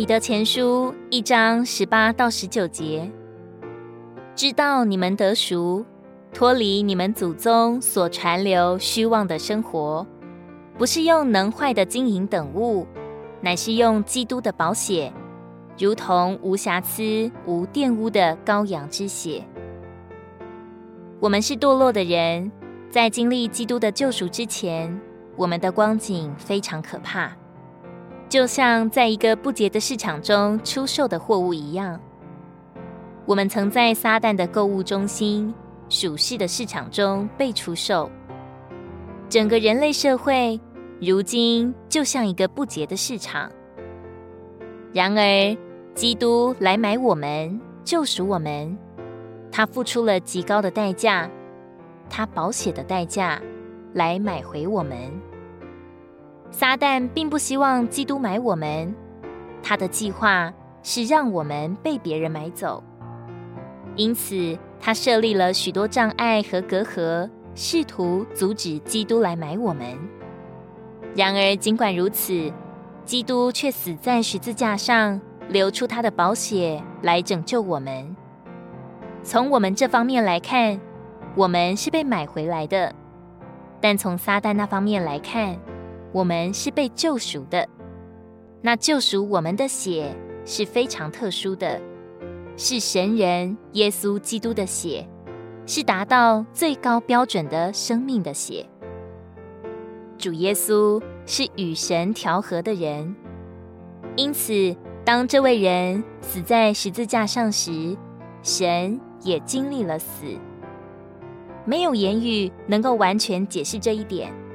彼得前書一章十八到十九節，知道你們得贖，脫離你們祖宗所傳流虛妄的生活，不是用能壞的金銀等物，乃是用基督的寶血，如同無瑕疵、無玷污的羔羊之血。我們是墮落的人，在經歷基督的救贖之前，我們的光景非常可怕。就像在一個不潔的市場中出售的貨物一樣，我們曾在撒旦的購物中心、屬世的市場中被出售。整個人類社會如今就像一個不潔的市場。然而，基督來買我們，救贖我們，他付出了極高的代價，他寶血的代價來買回我們。撒旦並不希望基督買我們，他的計劃是讓我們被別人買走。因此，他設立了許多障礙和隔閡，試圖阻止基督來買我們。然而，儘管如此，基督卻死在十字架上，流出他的寶血來拯救我們。從我們這方面來看，我們是被買回來的；但從撒旦那方面來看，我們是被救贖的，那救贖我們的血是非常特殊的，是神人耶穌基督的血，是達到最高標準的生命的血。主耶穌是與神調和的人，因此，當這位人死在十字架上時，神也經歷了死。沒有言語能夠完全解釋這一點。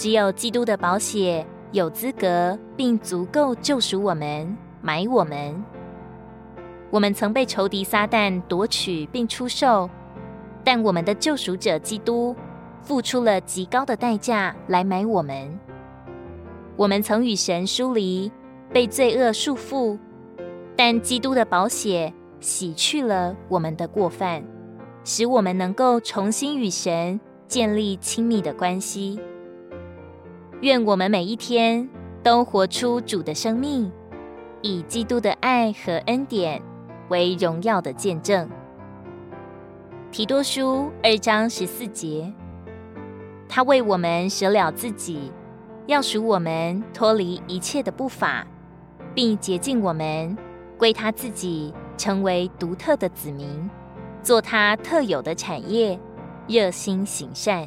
只有基督的寶血有資格並足夠救贖我們，買我們。我們曾被仇敵撒旦奪取並出售，但我們的救贖者基督付出了極高的代價來買我們。我們曾與神疏離，被罪惡束縛，但基督的寶血洗去了我們的過犯，使我們能夠重新與神建立親密的關係。願我們每一天都活出主的生命，以基督的愛和恩典為榮耀的見證。提多書二章十四節，他為我們捨了自己，要贖我們脫離一切的不法，並潔淨我們，歸他自己，成為獨特的子民，做他特有的產業，熱心行善。